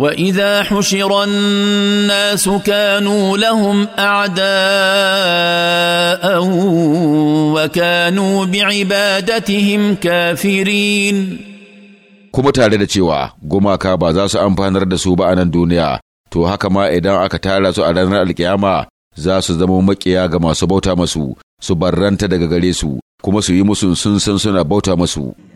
واذا حشر الناس كانوا لهم اعداء وكانوا بعبادتهم كافرين kuma tare da cewa gumaka ba za su amfanar da su ba a nan duniya to haka ma idan aka tara su a ranar alkiyama za su zama makiya ga masu bauta masu su barranta daga gare su kuma su yi musu sun san suna bauta masu